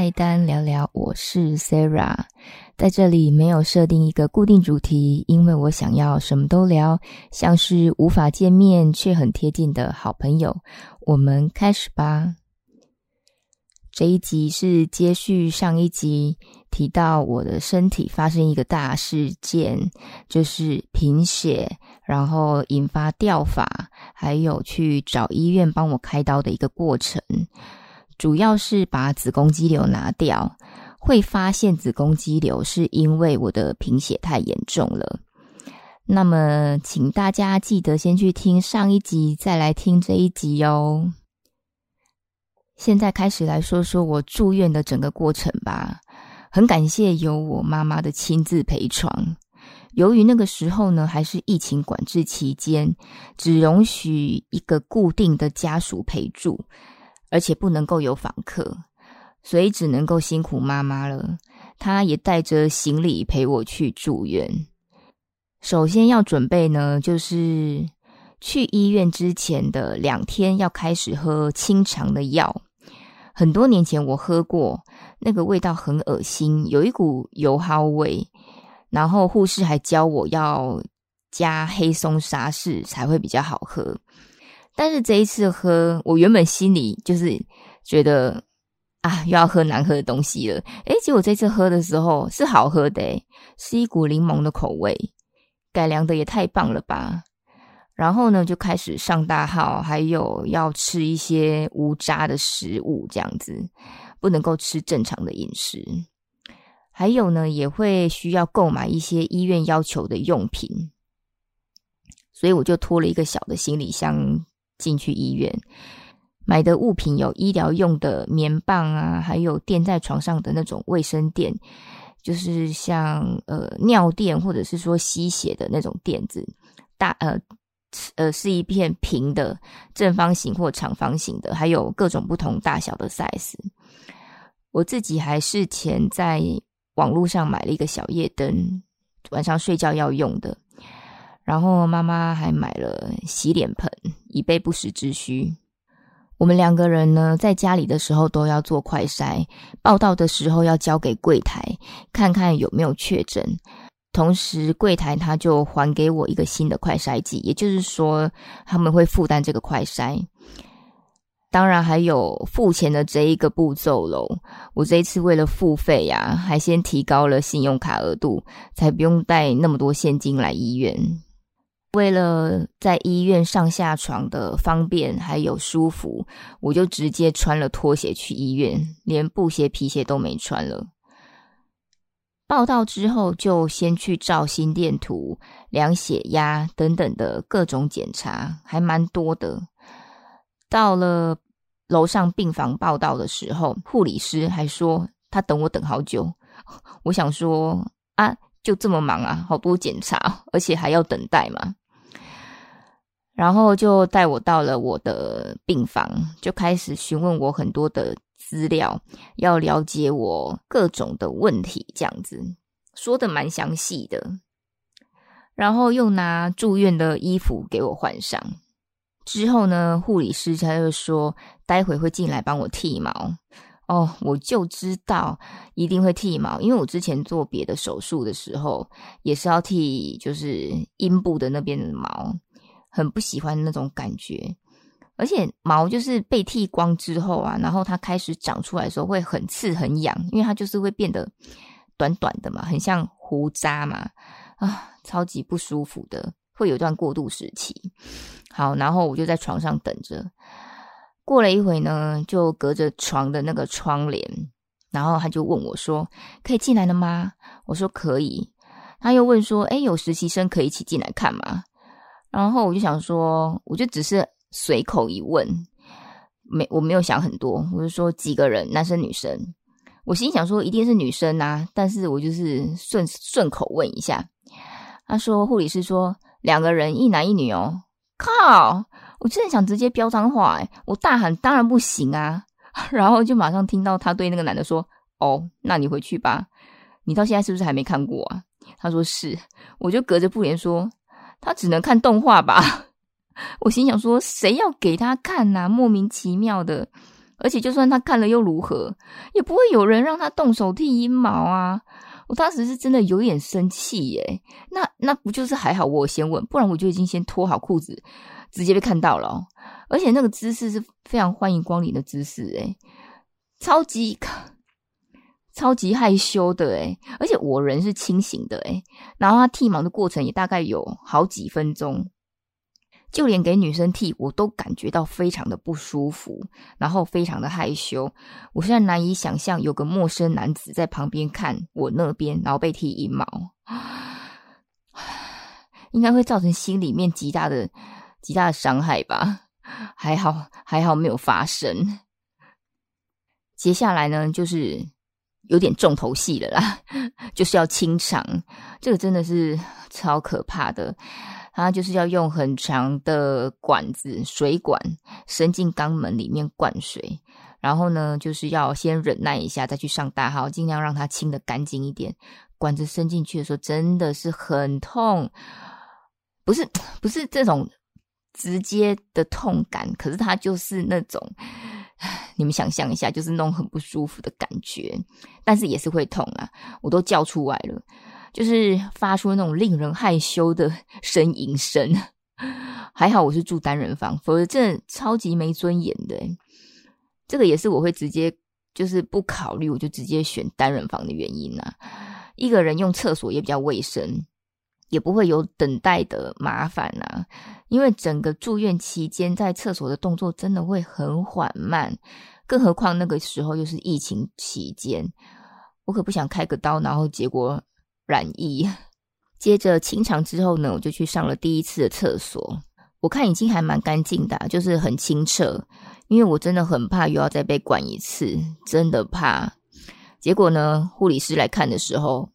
菜單聊聊，我是 Sara，在這裡沒有設定一個固定主題，因為我想要什麼都聊，像是無法見面卻很貼近的好朋友。我們開始吧。這一集是接續上一集，提到我的身體發生一個大事件，就是貧血，然後引發掉髮，還有去找醫院幫我開刀的一個過程。主要是把子宮肌瘤拿掉，會發現子宮肌瘤是因為我的貧血太嚴重了。那麼，請大家記得先去聽上一集，再來聽這一集喲。現在開始來說說我住院的整個過程吧。很感謝有我媽媽的親自陪床。由於那個時候呢，還是疫情管制期間，只容許一個固定的家屬陪住。而且不能夠有訪客，所以只能夠辛苦媽媽了。她也帶着行李陪我去住院。首先要準備呢，就是去醫院之前的兩天要開始喝清腸的藥。很多年前我喝過，那個味道很惡心，有一股油耗味。然後護士還教我要加黑松沙士才會比較好喝。但是這一次喝，我原本心裡就是覺得啊，又要喝難喝的東西了。誒，結果這次喝的時候是好喝的，是一股檸檬的口味，改良的也太棒了吧。然後呢，就開始上大號，還有要吃一些無渣的食物，這樣子，不能夠吃正常的飲食。還有呢，也會需要購買一些醫院要求的用品，所以我就拖了一個小的行李箱。進去醫院買的物品有醫療用的棉棒啊，還有墊在床上的那種衛生墊，就是像呃尿墊或者是說吸血的那種墊子，大呃呃是一片平的正方形或長方形的，還有各種不同大小的 size。我自己還事前在網絡上買了一個小夜燈，晚上睡覺要用的。然後媽媽還買了洗臉盆，以備不時之需。我們兩個人呢，在家裡的時候都要做快篩，報到的時候要交給櫃檯，看看有沒有確診。同時，櫃檯他就還給我一個新的快篩劑，也就是說他們會負擔這個快篩。當然還有付錢的這一個步驟嘍。我這一次為了付費呀、啊，還先提高了信用卡額度，才不用帶那麼多現金來醫院。為了在醫院上下床的方便還有舒服，我就直接穿了拖鞋去醫院，連布鞋、皮鞋都沒穿了。報到之後，就先去照心電圖、量血壓等等的各種檢查，還蠻多的。到了樓上病房報到的時候，護理師還說他等我等好久，我想說啊。就這麼忙啊，好多檢查，而且還要等待嘛。然後就帶我到了我的病房，就開始詢問我很多的資料，要了解我各種的問題，這樣子說得蠻詳細的。然後又拿住院的衣服給我換上。之後呢，護理師他又說，待會會進來幫我剃毛。哦，我就知道一定會剃毛，因為我之前做別的手術的時候也是要剃，就是陰部的那邊的毛，很不喜歡那種感覺。而且毛就是被剃光之後啊，然後它開始長出來的時候會很刺、很癢，因為它就是會變得短短的嘛，很像鬍渣嘛，啊，超級不舒服的，會有段過渡時期。好，然後我就在床上等着。過了一會呢，就隔着床的那個窗簾，然後他就問我說：“可以進來了嗎？”我說：“可以。”他又問說：“誒，有實習生可以一起進來看嗎？”然後我就想說，我就只是隨口一問，沒我沒有想很多，我就說幾個人，男生女生。我心想說，一定是女生吶、啊，但是我就是順順口問一下。他說：“護理師說兩個人，一男一女哦。”靠！我真的想直接飆髒話誒！我大喊，當然不行啊， 然後就馬上聽到他對那個男的說：“哦，那你回去吧。你到現在是不是還沒看過啊？”他說：“是。”我就隔着布簾說：“他只能看動畫吧？” 我心想說：“誰要給他看吶、啊？莫名其妙的。而且就算他看了又如何？也不會有人讓他動手剃陰毛啊！”我當時是真的有點生氣耶、欸。那那不就是還好我有先問，不然我就已經先脫好褲子。直接被看到了哦，而且那個姿勢是非常歡迎光臨的姿勢，誒超級超級害羞的，誒而且我人是清醒的，誒然後他剃毛的過程也大概有好幾分鐘，就連給女生剃我都感覺到非常的不舒服，然後非常的害羞，我現在難以想象有個陌生男子在旁邊看我那邊，然後被剃陰毛，應該會造成心裡面極大的。極大的傷害吧，還好還好沒有發生。接下來呢，就是有點重頭戲了啦，就是要清腸。這個真的是超可怕的。他就是要用很長的管子（水管）伸進肛門裡面灌水，然後呢，就是要先忍耐一下，再去上大號，盡量讓它清的乾淨一點。管子伸進去的時候，真的是很痛，不是不是這種。直接的痛感，可是它就是那種，你們想象一下，就是那種很不舒服的感覺，但是也是會痛啊，我都叫出來了，就是發出那種令人害羞的呻吟聲。還好我是住單人房，否則真的超級沒尊嚴的。這個也是我會直接，就是不考慮，我就直接選單人房的原因啊。一個人用廁所也比較衛生，也不會有等待的麻煩啊。因為整個住院期間，在廁所的動作真的會很緩慢，更何況那個時候又是疫情期間，我可不想開個刀，然後結果染疫。接着清腸之後呢，我就去上了第一次的廁所，我看已經還蠻乾淨的，就是很清澈。因為我真的很怕又要再被灌一次，真的怕。結果呢，護理師來看的時候，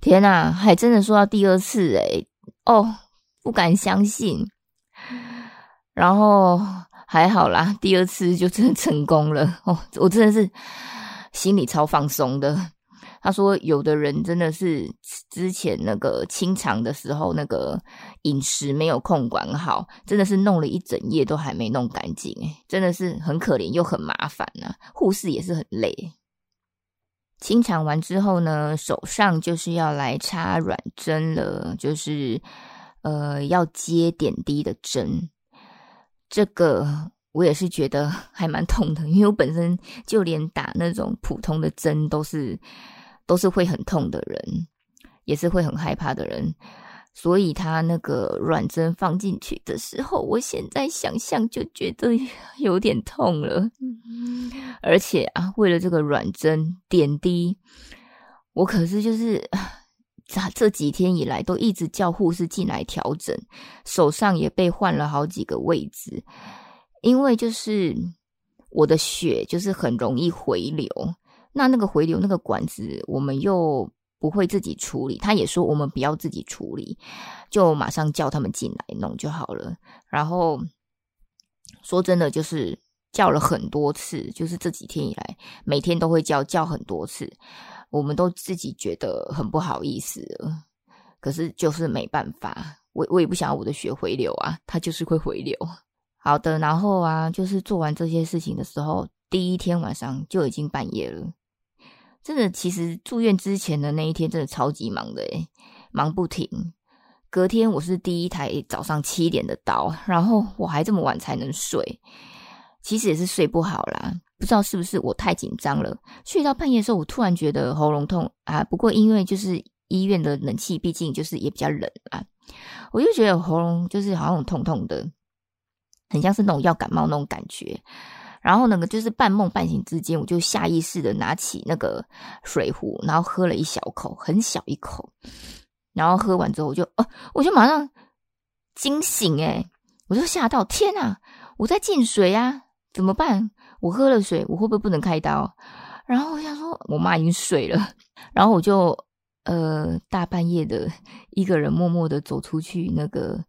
天吶還真的說到第二次誒、哎、哦。不敢相信，然後還好啦，第二次就真的成功了哦！我真的是心裡超放鬆的。他說，有的人真的是之前那個清腸的時候，那個飲食沒有控管好，真的是弄了一整夜都還沒弄乾淨，真的是很可憐又很麻煩呢，啊。護士也是很累。清腸完之後呢，手上就是要來插軟針了，就是。呃，要接點滴的針，這個我也是覺得還蠻痛的，因為我本身就連打那種普通的針都是都是會很痛的人，也是會很害怕的人，所以他那個軟針放進去的時候，我現在想象就覺得有點痛了，而且啊，為了這個軟針點滴，我可是就是。這幾天以來都一直叫護士進來調整，手上也被換了好幾個位置，因為就是我的血就是很容易回流，那那個回流那個管子我們又不會自己處理，他也說我們不要自己處理，就馬上叫他們進來弄就好了。然後說真的就是叫了很多次，就是這幾天以來每天都會叫，叫很多次。我們都自己覺得很不好意思，可是就是沒辦法，我我也不想要我的血回流啊，它就是會回流。好的，然後啊，就是做完這些事情的時候，第一天晚上就已經半夜了。真的，其實住院之前的那一天真的超級忙的誒，忙不停。隔天我是第一台早上七點的刀，然後我還這麼晚才能睡，其實也是睡不好啦。不知道是不是我太緊張了，睡到半夜的時候，我突然覺得喉嚨痛啊。不過因為就是醫院的冷氣，畢竟就是也比較冷啊，我就覺得喉嚨就是好像痛痛的，很像是那種要感冒那種感覺。然後那個就是半夢半醒之間，我就下意識的拿起那個水壺，然後喝了一小口，很小一口。然後喝完之後，我就哦、啊，我就馬上驚醒，哎，我就嚇到，天吶、啊，我在禁水啊，怎麼辦？我喝了水，我會不會不能開刀？然後我想說，我媽已經睡了，然後我就，呃，大半夜的一個人默默的走出去那個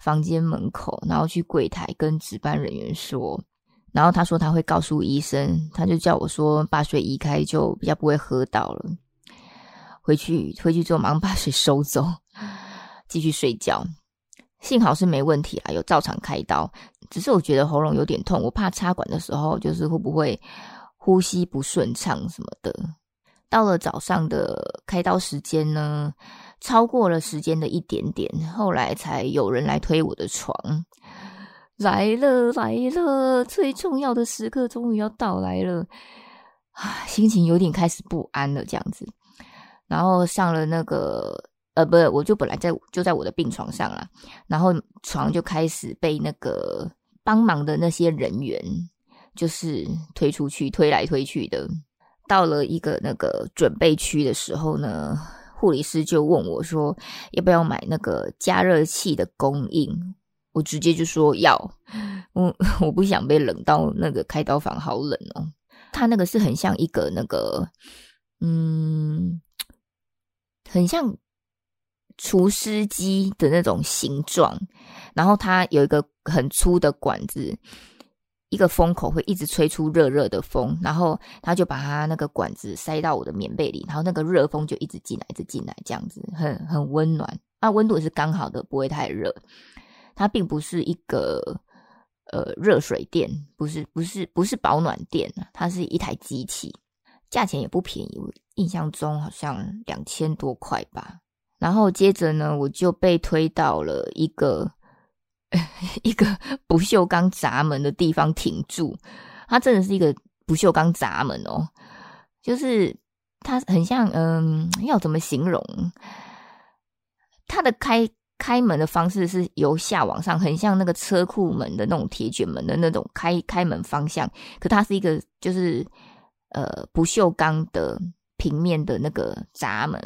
房間門口，然後去櫃台跟值班人員說，然後他說他會告訴醫生，他就叫我說把水移開，就比較不會喝到了。回去回去之後，馬上把水收走，繼續睡覺。幸好是沒問題啊，有照常開刀，只是我覺得喉嚨有點痛，我怕插管的時候就是會不會呼吸不順暢什麼的。到了早上的開刀時間呢，超過了時間的一點點，後來才有人來推我的床。來了來了，最重要的時刻終於要到來了，啊，心情有點開始不安了這樣子，然後上了那個。呃，不，我就本來在就在我的病床上了，然後床就開始被那個幫忙的那些人員就是推出去推來推去的。到了一個那個準備區的時候呢，護理師就問我說要不要買那個加熱器的供應？我直接就說要，我我不想被冷到。那個開刀房好冷哦，他那個是很像一個那個，嗯，很像，除濕機的那種形狀，然後它有一個很粗的管子，一個風口會一直吹出熱熱的風，然後他就把它那個管子塞到我的棉被裡，然後那個熱風就一直進來，一直進來，這樣子很很溫暖，啊，溫度也是剛好的，不會太熱。它並不是一個呃熱水墊，不是不是不是保暖墊，它是一台機器，價錢也不便宜，印象中好像兩千多塊吧。然後接着呢，我就被推到了一個一個不鏽鋼閘門的地方停住。它真的是一個不鏽鋼閘門哦，就是它很像，嗯，要怎麼形容？它的開開門的方式是由下往上，很像那個車庫門的那種鐵卷門的那種開開門方向。可它是一個，就是呃，不鏽鋼的平面的那個閘門。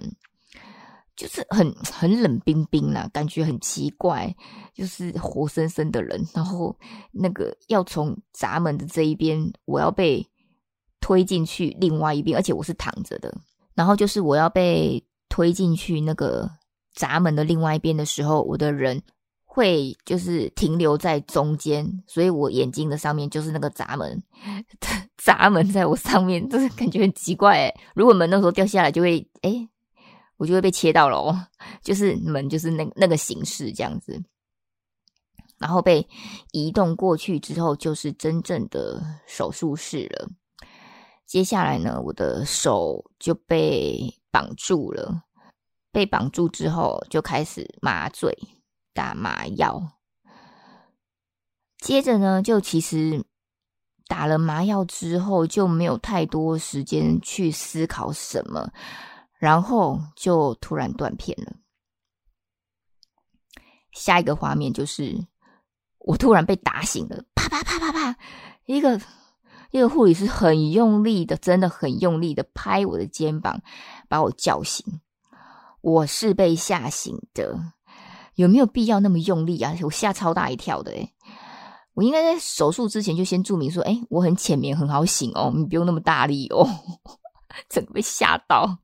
就是很很冷冰冰啦，感覺很奇怪。就是活生生的人，然後那個要從閘門的這一邊，我要被推進去另外一邊，而且我是躺着的。然後就是我要被推進去那個閘門的另外一邊的時候，我的人會就是停留在中間，所以我眼睛的上面就是那個閘門，閘門在我上面，就是感覺很奇怪、欸。如果門那時候掉下來，就會誒、欸。我就會被切到了哦，就是門，就是那那個形式這樣子，然後被移動過去之後，就是真正的手術室了。接下來呢，我的手就被綁住了，被綁住之後就開始麻醉，打麻藥。接着呢，就其實打了麻藥之後，就沒有太多時間去思考什麼。然後就突然斷片了。下一個畫面就是我突然被打醒了，啪啪啪啪啪，一個一個護理師很用力的，真的很用力的拍我的肩膀，把我叫醒。我是被嚇醒的，有沒有必要那麼用力啊？我嚇超大一跳的誒，我應該在手術之前就先注明說，哎，我很淺眠，很好醒哦，你不用那麼大力哦，整個被嚇到。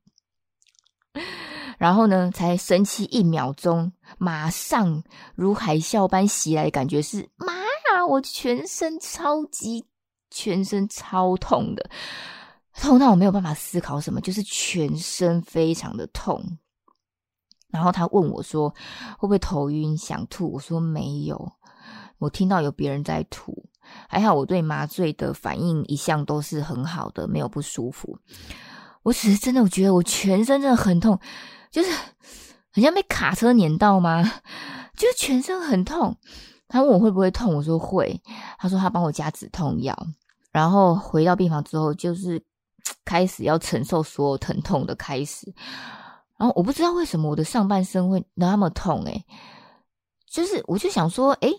然後呢，才神奇一秒鐘，馬上如海嘯般襲來，感覺是媽呀、啊！我全身超級、全身超痛的，痛到我沒有辦法思考什麼，就是全身非常的痛。然後他問我說：“會不會頭暈、想吐？”我說：“沒有。”我聽到有別人在吐，還好我對麻醉的反應一向都是很好的，沒有不舒服。我只是真的，我覺得我全身真的很痛，就是好像被卡車碾到嘛，就是全身很痛。他問我會不會痛，我說會。他說他幫我加止痛藥。然後回到病房之後，就是開始要承受所有疼痛的開始。然後我不知道為什麼我的上半身會那麼痛。欸，誒就是我就想說，誒、欸、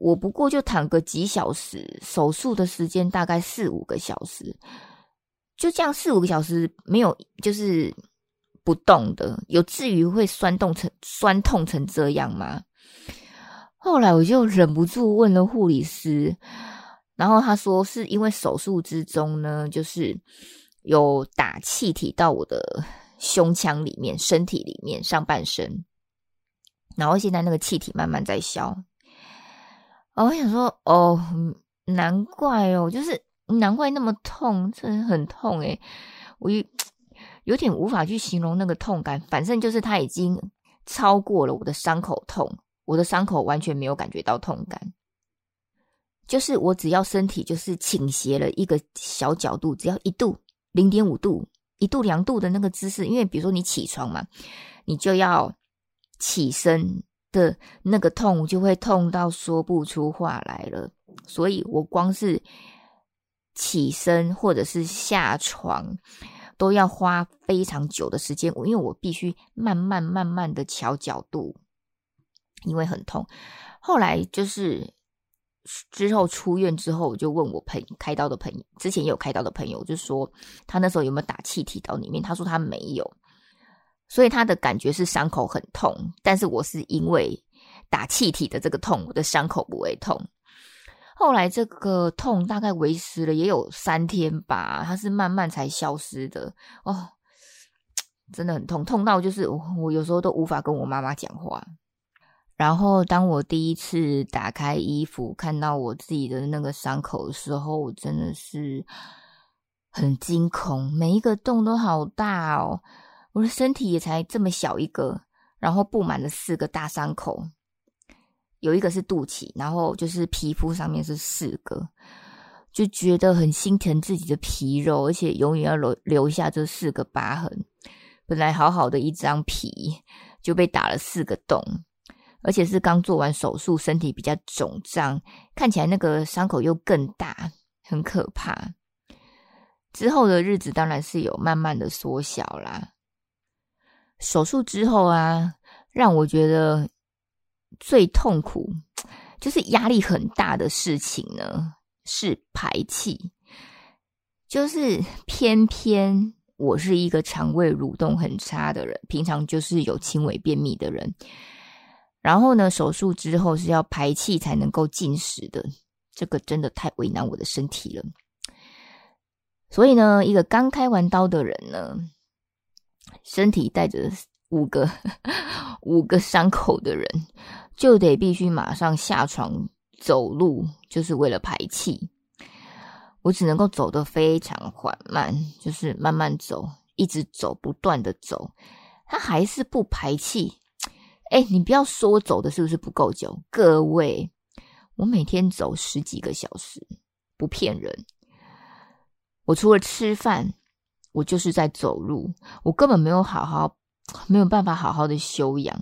我不過就躺個幾小時，手術的時間大概四五個小時。就這樣四五個小時沒有，就是不動的，有至於會酸痛成酸痛成這樣嗎？後來我就忍不住問了護理師，然後他說是因為手術之中呢，就是有打氣體到我的胸腔裡面、身體裡面、上半身，然後現在那個氣體慢慢在消。哦，我想說，哦，難怪哦，就是。難怪那麼痛，真的很痛欸，我有有點無法去形容那個痛感，反正就是它已經超過了我的傷口痛，我的傷口完全沒有感覺到痛感。就是我只要身體就是傾斜了一個小角度，只要一度，零點五度、一度兩度的那個姿勢，因為比如說你起床嘛，你就要起身的那個痛就會痛到說不出話來了。所以我光是起身或者是下床都要花非常久的時間，我因為我必須慢慢慢慢的調角度，因為很痛。後來就是之後出院之後，我就問我朋友開刀的朋友，之前有開刀的朋友，就說他那時候有沒有打氣體到裡面？他說他沒有，所以他的感覺是傷口很痛，但是我是因為打氣體的這個痛，我的傷口不會痛。後來這個痛大概維持了也有三天吧，它是慢慢才消失的。哦，真的很痛，痛到就是我我有時候都無法跟我媽媽講話。然後當我第一次打開衣服看到我自己的那個傷口的時候，我真的是很驚恐，每一個洞都好大哦，我的身體也才這麼小一個，然後布滿了四個大傷口。有一個是肚臍，然後就是皮膚上面是四個，就覺得很心疼自己的皮肉，而且永遠要留留下這四個疤痕。本來好好的一張皮就被打了四個洞，而且是剛做完手術，身體比較腫脹，看起來那個傷口又更大，很可怕。之後的日子當然是有慢慢的縮小啦。手術之後啊，讓我覺得。最痛苦，就是壓力很大的事情呢，是排氣。就是偏偏我是一個腸胃蠕動很差的人，平常就是有輕微便秘的人。然後呢，手術之後是要排氣才能夠進食的，這個真的太為難我的身體了。所以呢，一個剛開完刀的人呢，身體帶着五個五個傷口的人，就得必須馬上下床走路，就是為了排氣。我只能夠走得非常緩慢，就是慢慢走，一直走，不斷的走，他還是不排氣。誒，欸，你不要說我走的是不是不夠久？各位，我每天走十幾個小時，不騙人。我除了吃飯，我就是在走路，我根本沒有好好，沒有辦法好好的休養。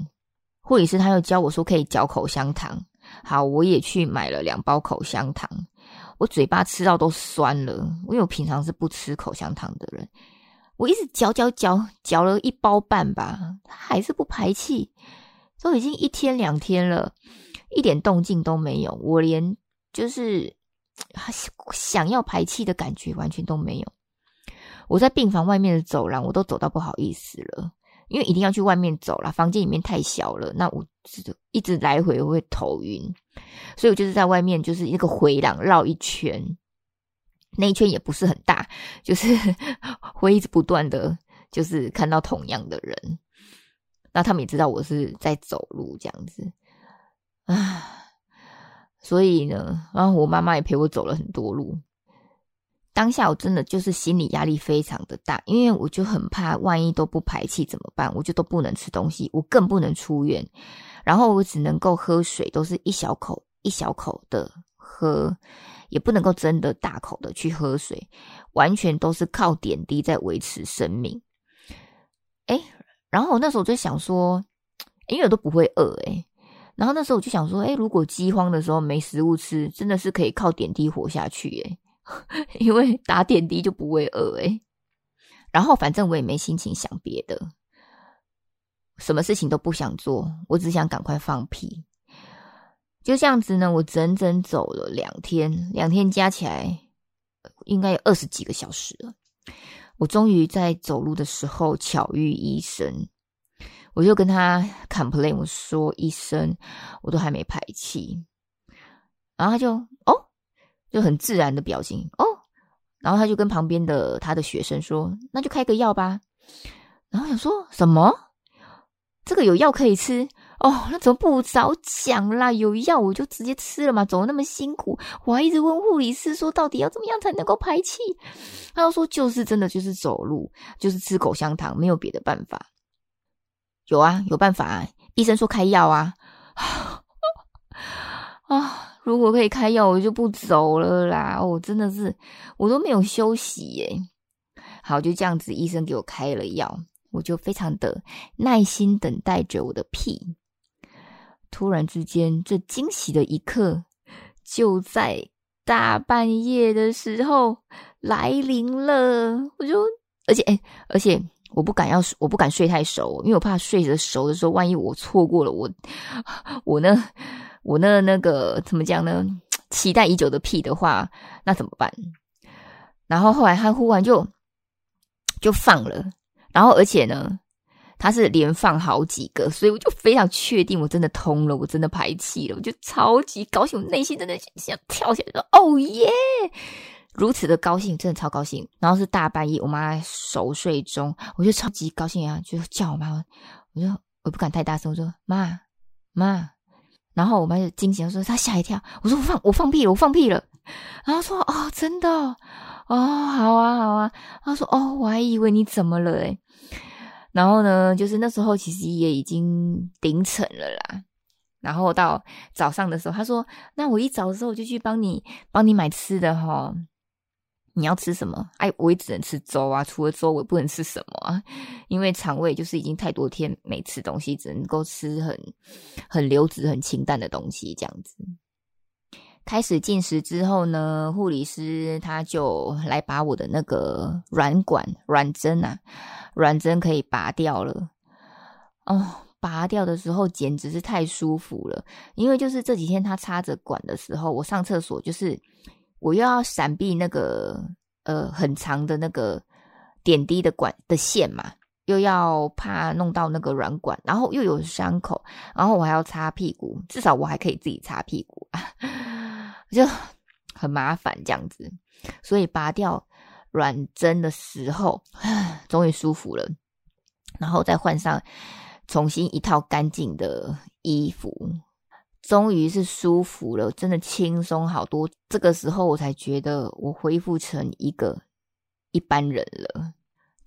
護理師他又教我說可以嚼口香糖，好，我也去買了兩包口香糖。我嘴巴吃到都酸了，因為我平常是不吃口香糖的人。我一直嚼嚼嚼，嚼了一包半吧，還是不排氣，都已經一天兩天了，一點動靜都沒有，我連就是、啊、想要排氣的感覺完全都沒有。我在病房外面的走廊，我都走到不好意思了。因為一定要去外面走啦，房間裡面太小了，那我一直來回會頭暈，所以我就是在外面，就是一個回廊繞一圈，那一圈也不是很大，就是會一直不斷的，就是看到同樣的人，那他們也知道我是在走路這樣子，啊，所以呢，然後我媽媽也陪我走了很多路。當下我真的就是心理壓力非常的大，因為我就很怕萬一都不排氣怎麼辦？我就都不能吃東西，我更不能出院，然後我只能夠喝水，都是一小口一小口的喝，也不能夠真的大口的去喝水，完全都是靠點滴在維持生命。哎，然後那時候我就想說，因為我都不會餓哎，然後那時候我就想說，哎，如果饑荒的時候沒食物吃，真的是可以靠點滴活下去哎。 因為打點滴就不會餓誒、欸、然後反正我也沒心情想別的，什麼事情都不想做，我只想趕快放屁。就這樣子呢，我整整走了兩天，兩天加起來應該有二十幾個小時了。我終於在走路的時候巧遇醫生，我就跟他 complain 我說醫生，我都還沒排氣，然後他就哦。就很自然的表情哦，然後他就跟旁邊的他的學生說：“那就開個藥吧。”然後想說什麼？這個有藥可以吃哦，那怎麼不早講啦？有藥我就直接吃了嘛，走得那麼辛苦，我還一直問護理師說到底要怎麼樣才能夠排氣？他又說：“就是真的就是走路，就是吃口香糖，沒有別的辦法。”有啊，有辦法啊！醫生說開藥啊啊。如果可以開藥，我就不走了啦。我、哦、真的是，我都沒有休息耶。好，就這樣子，醫生給我開了藥，我就非常的耐心等待着我的屁。突然之間，這驚喜的一刻就在大半夜的時候來臨了。我就，而且，哎、欸，而且我不敢要，我不敢睡太熟，因為我怕睡得熟的時候，萬一我錯過了，我，我呢？我那那個怎麼講呢？期待已久的屁的話，那怎麼辦？然後後來他忽然就就放了，然後而且呢，他是連放好幾個，所以我就非常確定，我真的通了，我真的排氣了，我就超級高興，我內心真的想跳起來說：“哦耶！”如此的高興，真的超高興。然後是大半夜，我媽熟睡中，我就超級高興啊，就叫我媽，我就，我不敢太大聲，我說：“媽媽。”然後我媽就驚醒，說：“她嚇一跳。”我說：“我放我放屁，我放屁了。我放屁了”然後說：“哦，真的哦，好啊，好啊。”她說：“哦，我還以為你怎麼了誒、欸、然後呢，就是那時候其實也已經凌晨了啦。然後到早上的時候，她說：“那我一早的時候就去幫你幫你買吃的哈、哦。”你要吃什麼？哎，我也只能吃粥啊，除了粥我也不能吃什麼啊，因為腸胃就是已經太多天沒吃東西，只能夠吃很、很流質、很清淡的東西這樣子。開始進食之後呢，護理師他就來把我的那個軟管、軟針啊，軟針可以拔掉了。哦，拔掉的時候簡直是太舒服了，因為就是這幾天他插着管的時候，我上廁所就是。我又要閃避那個呃，很長的那個點滴的管的線嘛，又要怕弄到那個軟管，然後又有傷口，然後我還要擦屁股，至少我還可以自己擦屁股啊，就很麻煩這樣子。所以拔掉軟針的時候，終於舒服了，然後再換上重新一套乾淨的衣服。終於是舒服了，真的輕鬆好多。這個時候我才覺得我恢復成一個一般人了。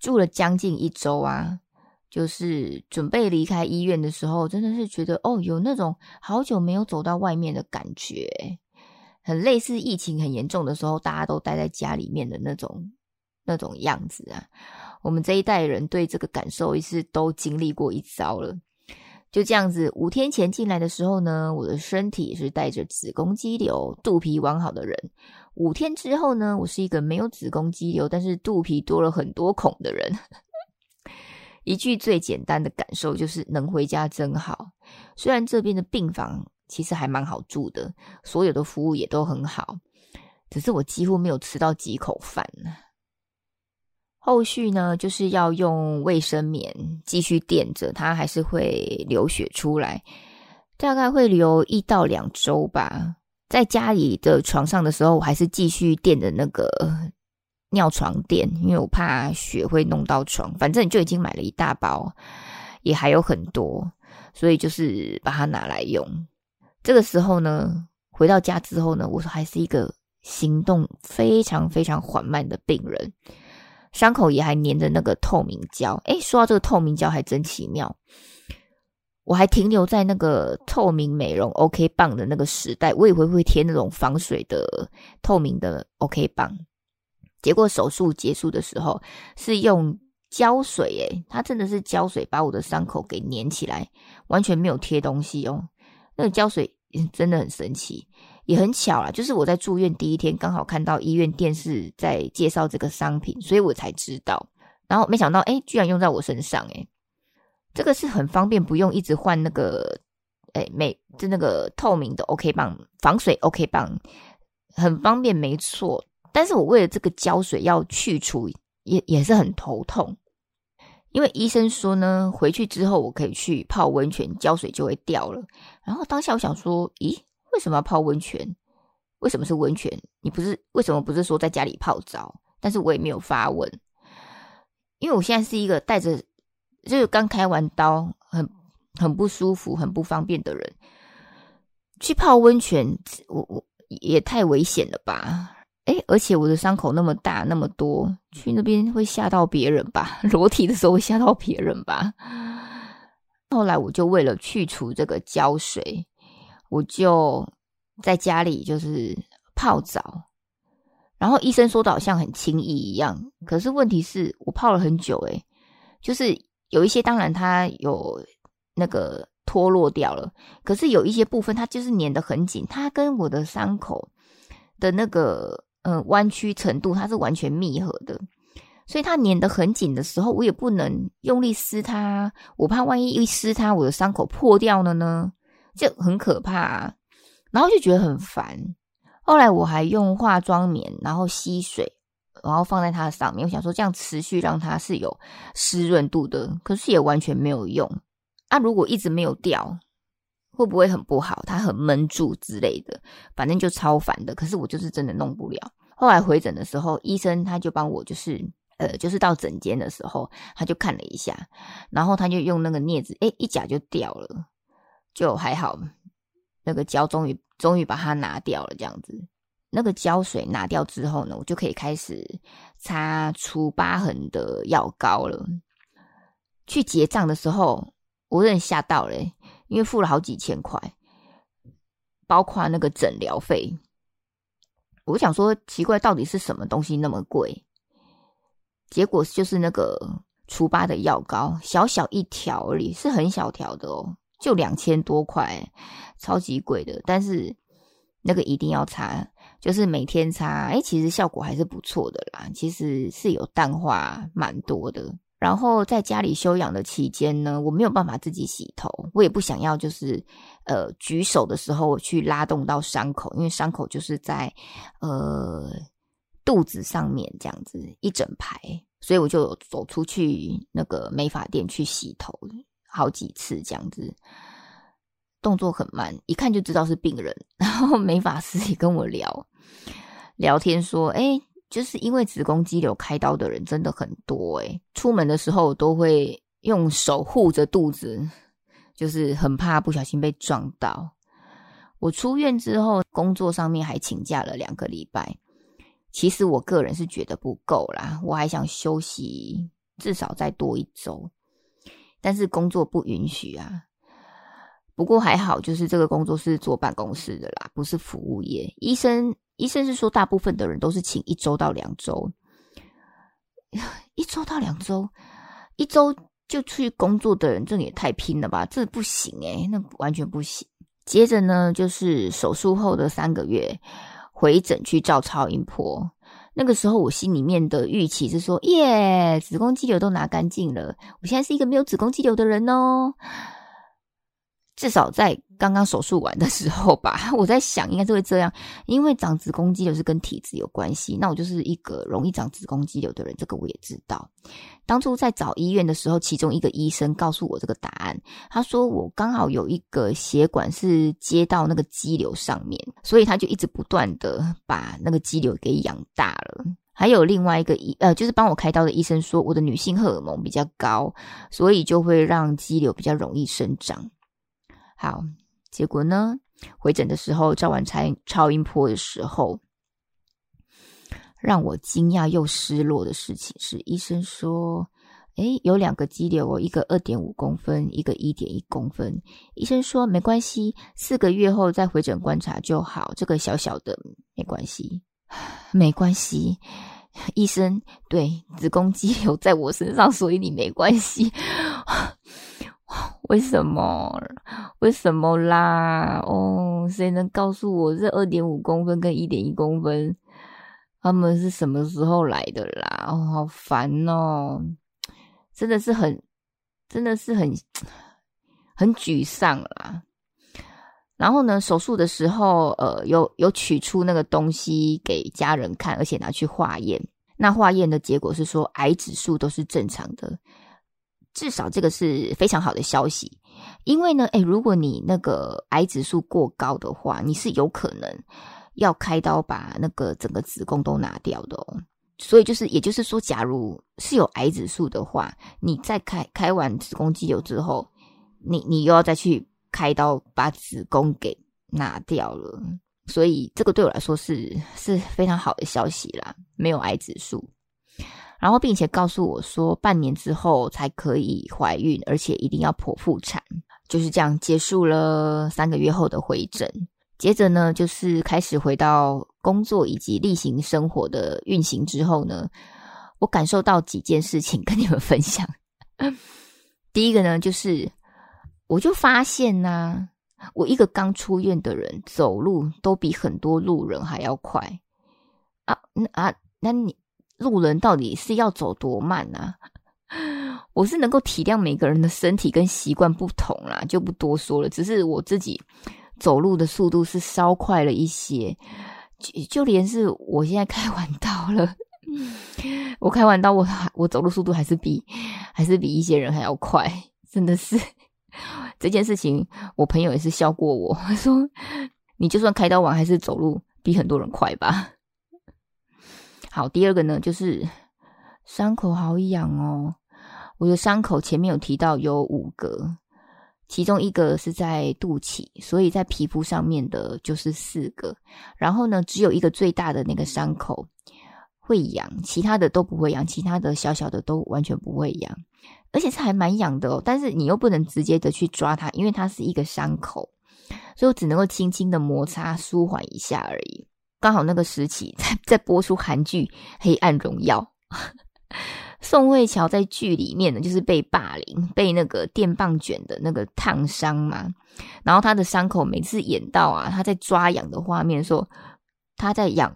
住了將近一周啊，就是準備離開醫院的時候，真的是覺得哦，有那種好久沒有走到外面的感覺，很類似疫情很嚴重的時候，大家都待在家裡面的那種那種樣子啊。我們這一代人對這個感受也是都經歷過一遭了。就這樣子，五天前進來的時候呢，我的身體是帶着子宮肌瘤、肚皮完好的人。五天之後呢，我是一個沒有子宮肌瘤，但是肚皮多了很多孔的人。 一句最簡單的感受就是能回家真好。雖然這邊的病房其實還蠻好住的，所有的服務也都很好，只是我幾乎沒有吃到幾口飯。後續呢，就是要用衛生棉繼續墊着，它還是會流血出來，大概會流一到兩週吧。在家裡的床上的時候，我還是繼續墊着那個尿床墊，因為我怕血會弄到床。反正你就已經買了一大包，也還有很多，所以就是把它拿來用。這個時候呢，回到家之後呢，我還是一個行動非常非常緩慢的病人。傷口也還粘着那個透明膠，誒，說到這個透明膠還真奇妙。我還停留在那個透明美容 OK 棒的那個時代，我以為會貼那種防水的透明的 OK 棒，結果手術結束的時候是用膠水，誒，它真的是膠水把我的傷口給粘起來，完全沒有貼東西哦，那個膠水真的很神奇。也很巧啦，啊，就是我在住院第一天，剛好看到醫院電視在介紹這個商品，所以我才知道。然後沒想到，哎，居然用在我身上，哎，這個是很方便，不用一直換那個，哎，美，就那個透明的 OK 棒、防水 OK 棒，很方便，沒錯。但是我為了這個膠水要去除，也也是很頭痛，因為醫生說呢，回去之後我可以去泡溫泉，膠水就會掉了。然後當下我想說，咦？為什麼要泡溫泉？為什麼是溫泉？你不是為什麼不是說在家裡泡澡？但是我也沒有發問，因為我現在是一個帶着就是剛開完刀，很很不舒服、很不方便的人，去泡溫泉，我我也太危險了吧？誒，而且我的傷口那麼大，那麼多，去那邊會嚇到別人吧？裸體的時候會嚇到別人吧？後來我就為了去除這個膠水。我就在家裡就是泡澡，然後醫生說得好像很輕易一樣，可是問題是我泡了很久，欸，誒就是有一些，當然它有那個脫落掉了，可是有一些部分它就是粘得很緊，它跟我的傷口的那個嗯彎曲程度它是完全密合的，所以它粘得很緊的時候，我也不能用力撕它，我怕萬一一撕它，我的傷口破掉了呢。就很可怕，啊，然後就覺得很煩。後來我還用化妝棉，然後吸水，然後放在它的上面，我想說這樣持續讓它是有濕潤度的，可是也完全沒有用。啊，如果一直沒有掉，會不會很不好？它很悶住之類的，反正就超煩的。可是我就是真的弄不了。後來回診的時候，醫生他就幫我，就是呃，就是到診間的時候，他就看了一下，然後他就用那個鑷子，哎，一夾就掉了。就還好，那個膠終於終於把它拿掉了。這樣子，那個膠水拿掉之後呢，我就可以開始擦除疤痕的藥膏了。去結賬的時候，我有點嚇到了，欸，因為付了好幾千塊，包括那個診療費。我想說奇怪，到底是什麼東西那麼貴？結果就是那個除疤的藥膏，小小一條而已，是很小條的哦，喔。就兩千多塊，超級貴的。但是那個一定要擦，就是每天擦。哎、欸，其實效果還是不錯的啦，其實是有淡化蠻多的。然後在家裡休養的期間呢，我沒有辦法自己洗頭，我也不想要就是呃舉手的時候我去拉動到傷口，因為傷口就是在呃肚子上面這樣子一整排，所以我就走出去那個美髮店去洗頭。好幾次這樣子，動作很慢，一看就知道是病人，然後沒法私也跟我聊聊天，說：“誒、欸，就是因為子宮肌瘤開刀的人真的很多、欸，誒，出門的時候都會用手護着肚子，就是很怕不小心被撞到。”我出院之後，工作上面還請假了兩個禮拜，其實我個人是覺得不夠啦，我還想休息至少再多一周。但是工作不允許啊，不過還好，就是這個工作是坐辦公室的啦，不是服務業。醫生，醫生是說大部分的人都是請一周到兩周，一周到兩周，一周就出去工作的人，這也太拼了吧，這不行誒，那完全不行。接着呢，就是手術後的三個月，回診去照超音波。那個時候，我心裡面的預期是說，耶，子宮肌瘤都拿乾淨了，我現在是一個沒有子宮肌瘤的人哦。至少在剛剛手術完的時候吧，我在想應該是會這樣，因為長子宮肌瘤是跟體質有關係。那我就是一個容易長子宮肌瘤的人，這個我也知道。當初在找醫院的時候，其中一個醫生告訴我這個答案，他說我剛好有一個血管是接到那個肌瘤上面，所以他就一直不斷的把那個肌瘤給養大了。還有另外一個醫呃，就是幫我開刀的醫生說，我的女性荷爾蒙比較高，所以就會讓肌瘤比較容易生長。好，結果呢？回診的時候，照完才超音波的時候，讓我驚訝又失落的事情是，醫生說：“誒，有兩個肌瘤，一個二點五公分，一個一點一公分。”醫生說：“沒關係，四個月後再回診觀察就好，這個小小的沒關係，沒關係。”醫生對，子宮肌瘤在我身上，所以你沒關係。 為什麼？為什麼啦？哦，誰能告訴我，這二點五公分跟一點一公分，他們是什麼時候來的啦？哦，好煩哦！真的是很，真的是很，很沮喪啦。然後呢，手術的時候，呃，有有取出那個東西給家人看，而且拿去化驗。那化驗的結果是說，癌指數都是正常的。至少這個是非常好的消息，因為呢，誒、欸、如果你那個癌指數過高的話，你是有可能要開刀把那個整個子宮都拿掉的哦。所以就是，也就是說，假如是有癌指數的話，你再開開完子宮肌瘤之後，你你又要再去開刀把子宮給拿掉了。所以這個對我來說是是非常好的消息啦，沒有癌指數。然後，並且告訴我說，半年之後才可以懷孕，而且一定要剖腹產，就是這樣結束了。三個月後的回診，接着呢，就是開始回到工作以及例行生活的運行之後呢，我感受到幾件事情跟你們分享。 第一個呢，就是我就發現呢、啊，我一個剛出院的人，走路都比很多路人還要快。啊，那啊，那你？路人到底是要走多慢呢、啊？我是能夠體諒每個人的身體跟習慣不同啦，就不多說了。只是我自己走路的速度是稍快了一些就，就連是我現在開完刀了， 我開完刀我我走路速度還是比還是比一些人還要快，真的是 這件事情，我朋友也是笑過我說，你就算開刀完還是走路比很多人快吧。好，第二個呢，就是傷口好癢哦。我的傷口前面有提到有五個，其中一個是在肚臍，所以在皮膚上面的就是四個。然後呢，只有一個最大的那個傷口會癢，其他的都不會癢，其他的小小的都完全不會癢，而且是還蠻癢的哦。但是你又不能直接的去抓它，因為它是一個傷口，所以我只能夠輕輕的摩擦舒緩一下而已。剛好那個時期在在播出韓劇《黑暗榮耀》， 宋慧喬在劇裡面呢，就是被霸凌，被那個電棒捲的那個燙傷嘛。然後她的傷口每次演到啊，她在抓癢的畫面說，說她在癢，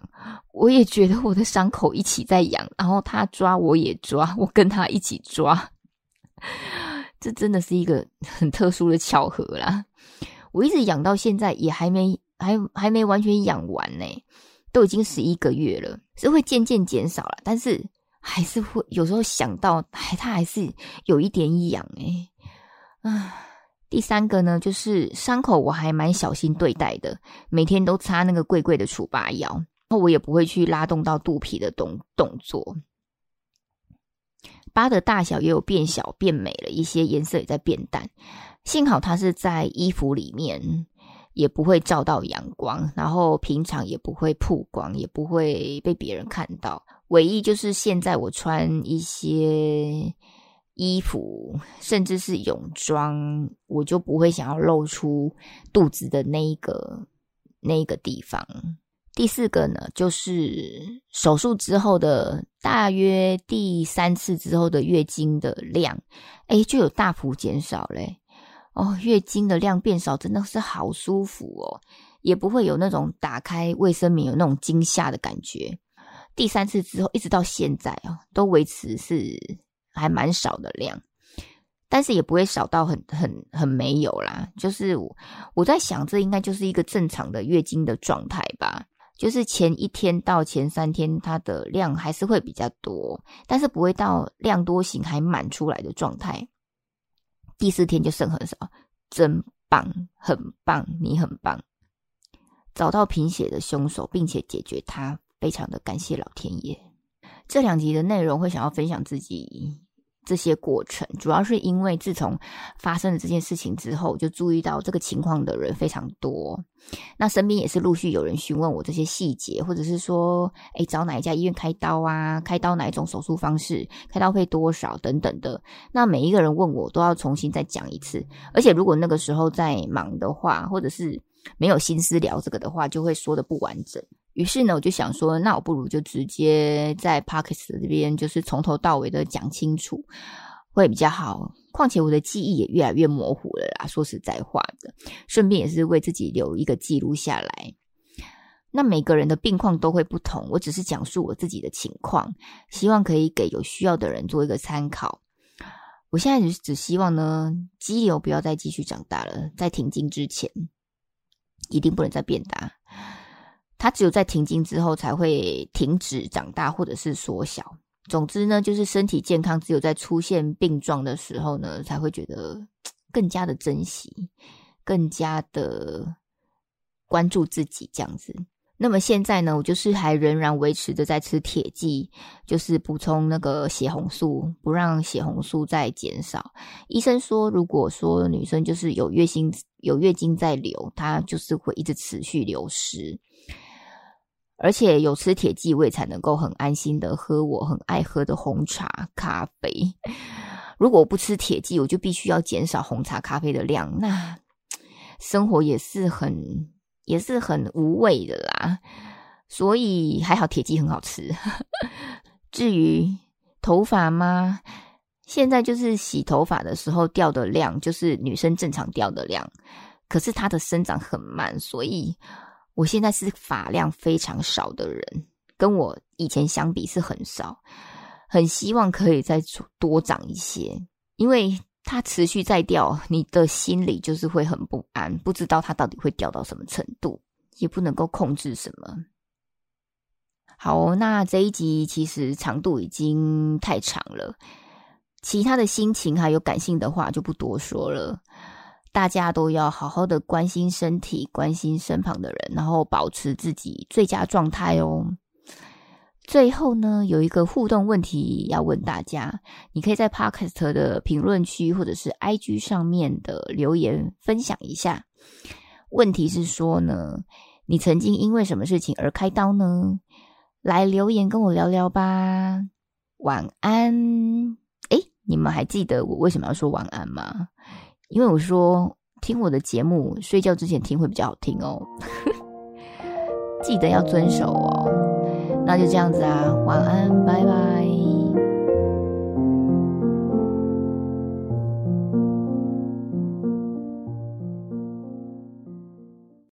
我也覺得我的傷口一起在癢。然後他抓，我也抓，我跟他一起抓。 這真的是一個很特殊的巧合啦！我一直癢到現在，也還沒。還還沒完全癢完呢，都已經十一個月了，是會漸漸減少了，但是還是會有時候想到，還、哎、他還是有一點癢誒啊，第三個呢，就是傷口我還蠻小心對待的，每天都擦那個貴貴的除疤藥，那我也不會去拉動到肚皮的動動作。疤的大小也有變小變美了一些，顏色也在變淡，幸好它是在衣服裡面。也不會照到陽光，然後平常也不會曝光，也不會被別人看到。唯一就是現在我穿一些衣服，甚至是泳裝，我就不會想要露出肚子的那一個那一個地方。第四個呢，就是手術之後的大約第三次之後的月經的量，誒，就有大幅減少嘞。哦，月經的量變少真的是好舒服哦，也不會有那種打開衛生棉有那種驚嚇的感覺。第三次之後一直到現在哦，都維持是還蠻少的量，但是也不會少到很很很沒有啦。就是我我在想，這應該就是一個正常的月經的狀態吧。就是前一天到前三天，它的量還是會比較多，但是不會到量多型還滿出來的狀態。第四天就剩很少，真棒，很棒，你很棒。找到貧血的凶手，並且解決他，非常的感謝老天爺。這兩集的內容會想要分享自己這些過程主要是因為自從發生了這件事情之後，就注意到這個情況的人非常多。那身邊也是陸續有人詢問我這些細節，或者是說，哎，找哪一家醫院開刀啊？開刀哪一種手術方式？開刀費多少？等等的。那每一個人問我，都要重新再講一次。而且如果那個時候在忙的話，或者是沒有心思聊這個的話，就會說得不完整。於是呢，我就想說，那我不如就直接在 Podcast 這邊，就是從頭到尾的講清楚，會比較好。況且我的記憶也越來越模糊了啦。說實在話的，順便也是為自己留一個記錄下來。那每個人的病況都會不同，我只是講述我自己的情況，希望可以給有需要的人做一個參考。我現在只只希望呢，肌瘤不要再繼續長大了，在停經之前，一定不能再變大。他只有在停經之後才會停止長大，或者是縮小。總之呢，就是身體健康，只有在出現病狀的時候呢，才會覺得更加的珍惜，更加的關注自己這樣子。那麼現在呢，我就是還仍然維持着在吃鐵劑，就是補充那個血紅素，不讓血紅素再減少。醫生說，如果說女生就是有月經，有月經在流，她就是會一直持續流失。而且有吃鐵劑，我也才能夠很安心的喝我很愛喝的紅茶、咖啡。如果我不吃鐵劑，我就必須要減少紅茶、咖啡的量。那生活也是很也是很無味的啦。所以還好鐵劑很好吃。 至於頭髮嘛，現在就是洗頭髮的時候掉的量，就是女生正常掉的量。可是它的生長很慢，所以。我現在是髮量非常少的人，跟我以前相比是很少，很希望可以再多長一些，因為它持續在掉，你的心裡就是會很不安，不知道它到底會掉到什麼程度，也不能夠控制什麼。好哦，那這一集其實長度已經太長了，其他的心情還有感性的話就不多說了。大家都要好好的關心身體，關心身旁的人，然後保持自己最佳狀態哦。最後呢，有一個互動問題要問大家，你可以在 Podcast 的評論區或者是 IG 上面的留言分享一下。問題是說呢，你曾經因為什麼事情而開刀呢？來留言跟我聊聊吧。晚安。誒，你們還記得我為什麼要說晚安嗎？因為我說，聽我的節目，睡覺之前聽會比較好聽哦， 記得要遵守哦，那就這樣子啊，晚安，拜拜。